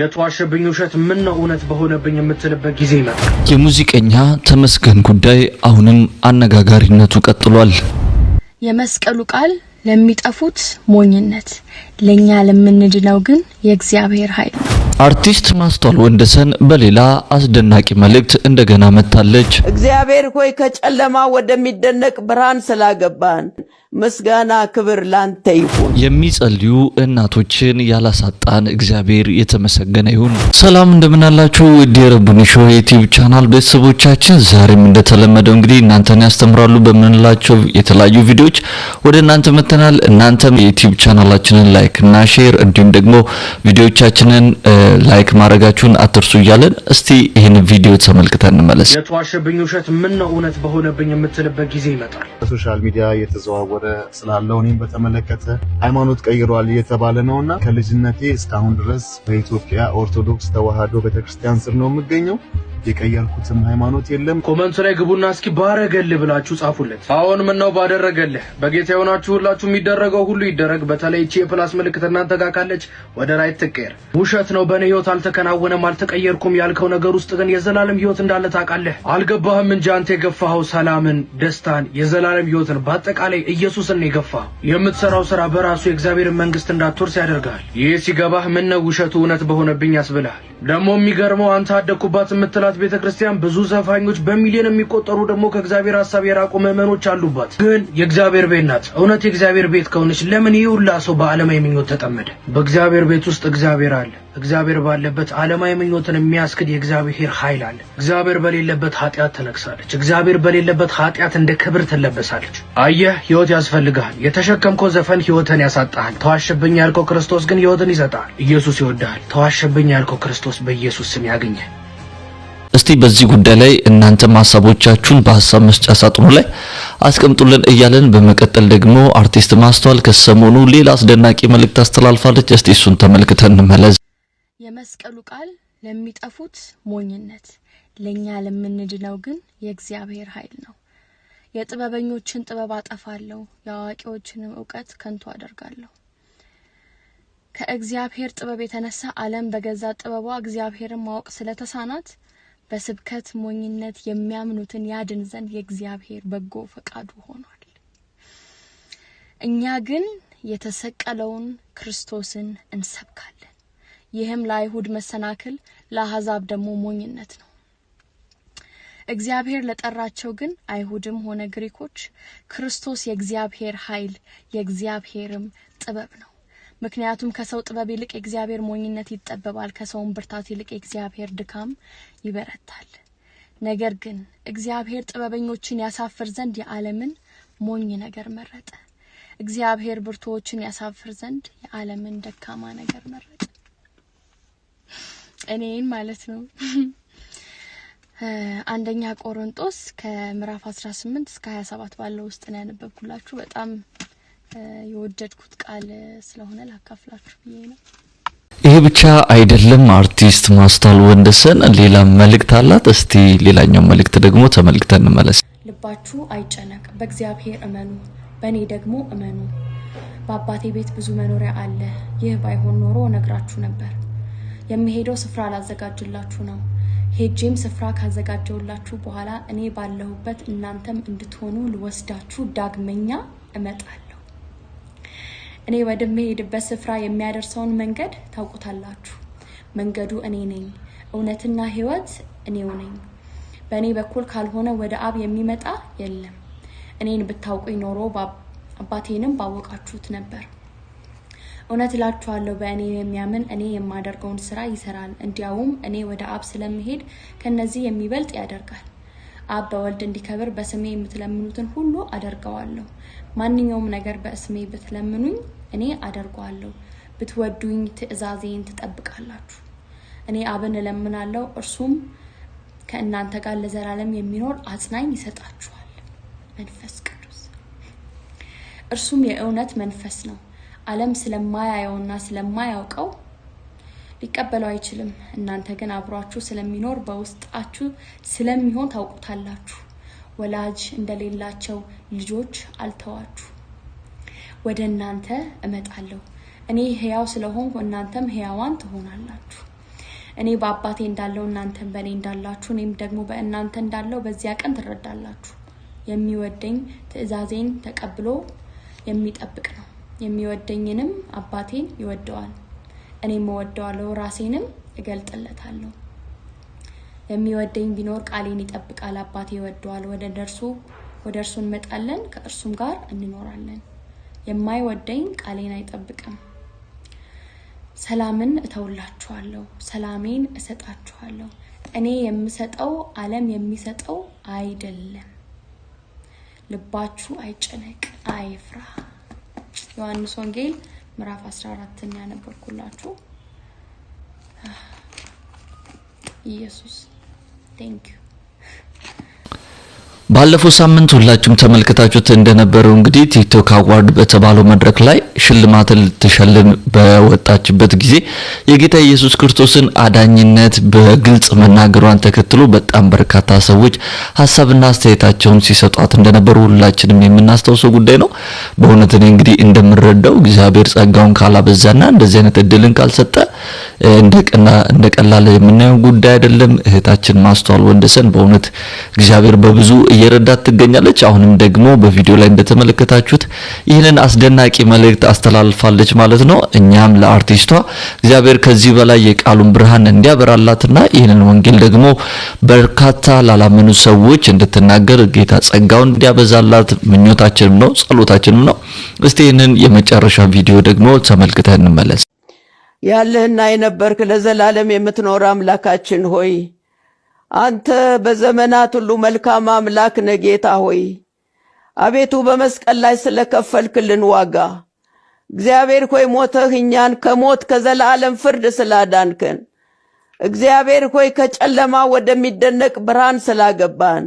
የተዋሸብኝ ውሸት ምን ነው እውነት በሆነብኝ የምትልበት ጊዜ ይመጣል። የሙዚቀኛ ተመስገን ጉዳይ አሁንም አነጋጋሪነቱ ቀጥሏል። የመስቀሉ ቃል ለሚጠፉት ሞኝነት፣ ለኛ ለምንድነው ግን የእግዚአብሔር ኃይል። አርቲስት ማስተዋል ወንደሰን በሌላ አስደናቂ መልእክት እንደገና መጥታለች። እግዚአብሔር ሆይ ከጨለማ ወደሚደነቅ ብርሃን ስላገባን ምስጋና ክብር ላንተ ይሁን። የሚጸልዩ እናቶችን ያላሳጣን እግዚአብሔር የተመሰገነ ይሁን። ሰላም እንደምናላችሁ ውድ ቡኒሾ የዩቲዩብ ቻናል ቤተሰቦቻችን፣ ዛሬም እንደተለመደው እንግዲህ እናንተን ያስተምራሉ በምንላቸው የተለያዩ ቪዲዮዎች ወደ እናንተ መተናል። እናንተም የዩቲዩብ ቻናላችንን ላይክ እና ሼር እንዲሁም ደግሞ ቪዲዮቻችንን ላይክ ማድረጋችሁን አትርሱ እያለን እስቲ ይህን ቪዲዮ ተመልክተን እንመለስ። የተዋሸብኝ ውሸት ምን ነው እውነት በሆነብኝ የምትልበት ጊዜ ይመጣል። በሶሻል ሚዲያ የተዘዋወረ ስላለው እኔም በተመለከተ ሃይማኖት ቀይሯል እየተባለ ነው እና ከልጅነቴ እስካሁን ድረስ በኢትዮጵያ ኦርቶዶክስ ተዋህዶ ቤተክርስቲያን ስር ነው የምገኘው። የቀየርኩትም ሃይማኖት የለም። ኮመንቱ ላይ ግቡና እስኪ ባረገልህ ብላችሁ ጻፉለት። አሁን ምን ነው ባደረገልህ። በጌታ የሆናችሁ ሁላችሁ የሚደረገው ሁሉ ይደረግ። በተለይ እቺ የፕላስ ምልክት እናንተ ጋር ካለች ወደ ላይ ትቀየር። ውሸት ነው። በእኔ ህይወት አልተከናወነም፣ አልተቀየርኩም ያልከው ነገር ውስጥ ግን የዘላለም ህይወት እንዳለ ታውቃለህ። አልገባህም እንጂ አንተ የገፋኸው ሰላምን፣ ደስታን፣ የዘላለም ህይወትን በአጠቃላይ ኢየሱስን ነው የገፋኸው። የምትሰራው ስራ በራሱ የእግዚአብሔርን መንግስት እንዳትወርስ ያደርጋል። ይህ ሲገባህ ምነው ውሸቱ እውነት በሆነብኝ ያስብልሃል። ደግሞ የሚገርመው አንተ አደግኩባት የምትላት ያላት ቤተ ክርስቲያን ብዙ ዘፋኞች፣ በሚሊዮን የሚቆጠሩ ደግሞ ከእግዚአብሔር ሀሳብ የራቁ ምዕመኖች አሉባት። ግን የእግዚአብሔር ቤት ናት። እውነት የእግዚአብሔር ቤት ከሆነች ለምን ይህ ሁላ ሰው በዓለማዊ ምኞት ተጠመደ? በእግዚአብሔር ቤት ውስጥ እግዚአብሔር አለ። እግዚአብሔር ባለበት ዓለማዊ ምኞትን የሚያስክድ የእግዚአብሔር ኃይል አለ። እግዚአብሔር በሌለበት ኃጢአት ትነግሳለች። እግዚአብሔር በሌለበት ኃጢአት እንደ ክብር ትለበሳለች። አየህ፣ ህይወት ያስፈልግሃል። የተሸከምከው ዘፈን ሕይወትን ያሳጣሃል። ተዋሸብኝ ያልከው ክርስቶስ ግን ህይወትን ይሰጣል። ኢየሱስ ይወድሃል። ተዋሸብኝ ያልከው ክርስቶስ በኢየሱስ ስም ያገኘ እስቲ በዚህ ጉዳይ ላይ እናንተም ሀሳቦቻችሁን በሀሳብ መስጫ ሳጥኑ ላይ አስቀምጡልን እያለን በመቀጠል ደግሞ አርቲስት ማስተዋል ከሰሞኑ ሌላ አስደናቂ መልእክት አስተላልፋለች። እስቲ እሱን ተመልክተን እንመለስ። የመስቀሉ ቃል ለሚጠፉት ሞኝነት፣ ለእኛ ለምንድነው ግን የእግዚአብሔር ኃይል ነው። የጥበበኞችን ጥበብ አጠፋለሁ፣ የአዋቂዎችንም እውቀት ከንቱ አደርጋለሁ። ከእግዚአብሔር ጥበብ የተነሳ ዓለም በገዛ ጥበቧ እግዚአብሔርን ማወቅ ስለተሳናት በስብከት ሞኝነት የሚያምኑትን ያድን ዘንድ የእግዚአብሔር በጎ ፈቃዱ ሆኗል። እኛ ግን የተሰቀለውን ክርስቶስን እንሰብካለን። ይህም ለአይሁድ መሰናክል፣ ለአሕዛብ ደግሞ ሞኝነት ነው። እግዚአብሔር ለጠራቸው ግን አይሁድም ሆነ ግሪኮች ክርስቶስ የእግዚአብሔር ኃይል የእግዚአብሔርም ጥበብ ነው። ምክንያቱም ከሰው ጥበብ ይልቅ የእግዚአብሔር ሞኝነት ይጠበባል፣ ከሰውን ብርታት ይልቅ የእግዚአብሔር ድካም ይበረታል። ነገር ግን እግዚአብሔር ጥበበኞችን ያሳፍር ዘንድ የዓለምን ሞኝ ነገር መረጠ። እግዚአብሔር ብርቱዎችን ያሳፍር ዘንድ የዓለምን ደካማ ነገር መረጠ። እኔን ማለት ነው። አንደኛ ቆሮንጦስ ከምዕራፍ 18 እስከ 27 ባለው ውስጥ ነው ያነበብኩላችሁ። በጣም የወደድኩት ቃል ስለሆነ ላካፍላችሁ ብዬ ነው። ይሄ ብቻ አይደለም። አርቲስት ማስታል ወንደሰን ሌላ መልእክት አላት። እስቲ ሌላኛው መልእክት ደግሞ ተመልክተን እንመለስ። ልባችሁ አይጨነቅ፣ በእግዚአብሔር እመኑ፣ በእኔ ደግሞ እመኑ። በአባቴ ቤት ብዙ መኖሪያ አለ። ይህ ባይሆን ኖሮ ነግራችሁ ነበር። የምሄደው ስፍራ ላዘጋጅላችሁ ነው። ሄጄም ስፍራ ካዘጋጀውላችሁ በኋላ እኔ ባለሁበት እናንተም እንድትሆኑ ልወስዳችሁ ዳግመኛ እመጣል እኔ ወደምሄድበት ስፍራ የሚያደርሰውን መንገድ ታውቁታላችሁ። መንገዱ እኔ ነኝ፣ እውነትና ህይወት እኔው ነኝ። በእኔ በኩል ካልሆነ ወደ አብ የሚመጣ የለም። እኔን ብታውቁኝ ኖሮ አባቴንም ባወቃችሁት ነበር። እውነት እላችኋለሁ፣ በእኔ የሚያምን እኔ የማደርገውን ስራ ይሰራል፣ እንዲያውም እኔ ወደ አብ ስለምሄድ ከነዚህ የሚበልጥ ያደርጋል። አብ በወልድ እንዲከብር በስሜ የምትለምኑትን ሁሉ አደርገዋለሁ። ማንኛውም ነገር በስሜ ብትለምኑኝ እኔ አደርገዋለሁ። ብትወዱኝ ትእዛዜን ትጠብቃላችሁ። እኔ አብን እለምናለሁ፣ እርሱም ከእናንተ ጋር ለዘላለም የሚኖር አጽናኝ ይሰጣችኋል፣ መንፈስ ቅዱስ። እርሱም የእውነት መንፈስ ነው። ዓለም ስለማያየውና ስለማያውቀው ሊቀበለው አይችልም። እናንተ ግን አብሯችሁ ስለሚኖር በውስጣችሁ ስለሚሆን ታውቁታላችሁ። ወላጅ እንደሌላቸው ልጆች አልተዋችሁ። ወደ እናንተ እመጣለሁ፣ እኔ ህያው ስለሆንኩ እናንተም ህያዋን ትሆናላችሁ። እኔ በአባቴ እንዳለው እናንተም በእኔ እንዳላችሁ እኔም ደግሞ በእናንተ እንዳለው በዚያ ቀን ትረዳላችሁ። የሚወደኝ ትእዛዜን ተቀብሎ የሚጠብቅ ነው፣ የሚወደኝንም አባቴን ይወደዋል እኔም እወደዋለሁ፣ ራሴንም እገልጥለታለሁ። የሚወደኝ ቢኖር ቃሌን ይጠብቃል፣ አባቴ ይወደዋል። ወደ ደርሱ ወደ እርሱ እንመጣለን፣ ከእርሱም ጋር እንኖራለን። የማይወደኝ ቃሌን አይጠብቅም። ሰላምን እተውላችኋለሁ፣ ሰላሜን እሰጣችኋለሁ። እኔ የምሰጠው ዓለም የሚሰጠው አይደለም። ልባችሁ አይጨነቅ፣ አይፍራ። ዮሐንስ ወንጌል ምዕራፍ 14ን ያነበርኩላችሁ። ኢየሱስ ቴንክ ዩ። ባለፈው ሳምንት ሁላችሁም ተመልክታችሁት እንደነበረው እንግዲህ ቲክቶክ አዋርድ በተባለው መድረክ ላይ ሽልማትን ልትሸልም በወጣችበት ጊዜ የጌታ ኢየሱስ ክርስቶስን አዳኝነት በግልጽ መናገሯን ተከትሎ በጣም በርካታ ሰዎች ሀሳብና አስተያየታቸውን ሲሰጧት እንደነበሩ ሁላችንም የምናስታውሰው ጉዳይ ነው። በእውነት እኔ እንግዲህ እንደምረዳው እግዚአብሔር ጸጋውን ካላበዛና እንደዚህ አይነት እድልን ካልሰጠ እንደ ቀላል የምናየው ጉዳይ አይደለም። እህታችን ማስተዋል ወንደሰን በእውነት እግዚአብሔር በብዙ እየረዳት ትገኛለች። አሁንም ደግሞ በቪዲዮ ላይ እንደተመለከታችሁት ይህንን አስደናቂ መልእክት አስተላልፋለች ማለት ነው። እኛም ለአርቲስቷ እግዚአብሔር ከዚህ በላይ የቃሉን ብርሃን እንዲያበራላትና ይህንን ወንጌል ደግሞ በርካታ ላላመኑ ሰዎች እንድትናገር ጌታ ጸጋውን እንዲያበዛላት ምኞታችንም ነው ጸሎታችንም ነው። እስቲ ይህንን የመጨረሻ ቪዲዮ ደግሞ ተመልክተን እንመለስ። ያለህና የነበርክ ለዘላለም የምትኖር አምላካችን ሆይ አንተ በዘመናት ሁሉ መልካም አምላክ ነህ ጌታ ሆይ አቤቱ በመስቀል ላይ ስለከፈልክልን ዋጋ እግዚአብሔር ሆይ ሞተህ እኛን ከሞት ከዘላለም ፍርድ ስላዳንክን፣ እግዚአብሔር ሆይ ከጨለማ ወደሚደነቅ ብርሃን ስላገባን፣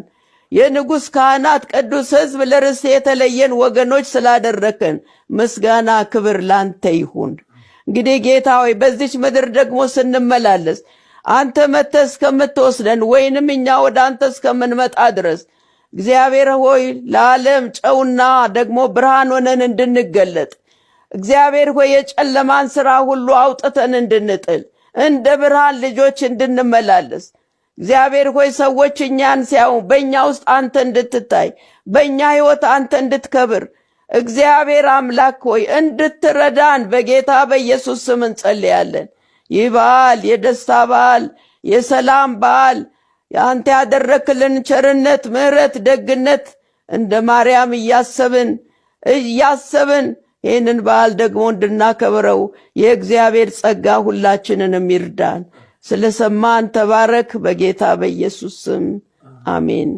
የንጉሥ ካህናት ቅዱስ ሕዝብ ለርስ የተለየን ወገኖች ስላደረክን ምስጋና ክብር ላንተ ይሁን። እንግዲህ ጌታ ሆይ በዚች ምድር ደግሞ ስንመላለስ አንተ መተ እስከምትወስደን ወይንም እኛ ወደ አንተ እስከምንመጣ ድረስ እግዚአብሔር ሆይ ለዓለም ጨውና ደግሞ ብርሃን ሆነን እንድንገለጥ እግዚአብሔር ሆይ የጨለማን ስራ ሁሉ አውጥተን እንድንጥል እንደ ብርሃን ልጆች እንድንመላለስ እግዚአብሔር ሆይ ሰዎች እኛን ሲያዩ በእኛ ውስጥ አንተ እንድትታይ በእኛ ህይወት አንተ እንድትከብር እግዚአብሔር አምላክ ሆይ እንድትረዳን በጌታ በኢየሱስ ስም እንጸልያለን። ይህ በዓል የደስታ በዓል፣ የሰላም በዓል የአንተ ያደረክልን ቸርነት፣ ምሕረት፣ ደግነት እንደ ማርያም እያሰብን እያሰብን ይህንን በዓል ደግሞ እንድናከብረው የእግዚአብሔር ጸጋ ሁላችንንም ይርዳን። ስለሰማን ተባረክ። በጌታ በኢየሱስ ስም አሜን።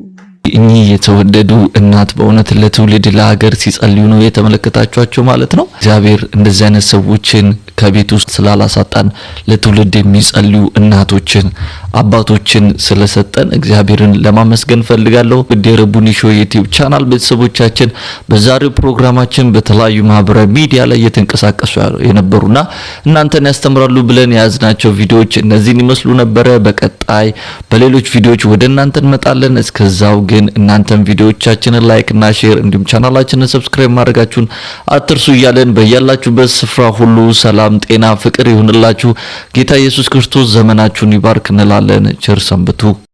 እኚህ የተወደዱ እናት በእውነት ለትውልድ ለሀገር ሲጸልዩ ነው የተመለከታችኋቸው ማለት ነው። እግዚአብሔር እንደዚህ አይነት ሰዎችን ከቤት ውስጥ ስላላሳጣን ለትውልድ የሚጸልዩ እናቶችን፣ አባቶችን ስለሰጠን እግዚአብሔርን ለማመስገን ፈልጋለሁ። ውድ የረቡኒ ሾው ዩቲዩብ ቻናል ቤተሰቦቻችን በዛሬው ፕሮግራማችን በተለያዩ ማህበራዊ ሚዲያ ላይ እየተንቀሳቀሱ የነበሩና እናንተን ያስተምራሉ ብለን የያዝናቸው ቪዲዮዎች እነዚህን ይመስሉ ነበረ። በቀጣይ በሌሎች ቪዲዮዎች ወደ እናንተ እንመጣለን። እስከዛው ግን እናንተን ቪዲዮዎቻችንን ላይክ እና ሼር እንዲሁም ቻናላችንን ሰብስክራይብ ማድረጋችሁን አትርሱ እያለን በያላችሁበት ስፍራ ሁሉ ሰላም ሰላም፣ ጤና፣ ፍቅር ይሁንላችሁ። ጌታ ኢየሱስ ክርስቶስ ዘመናችሁን ይባርክ እንላለን። ቸር ሰንብቱ።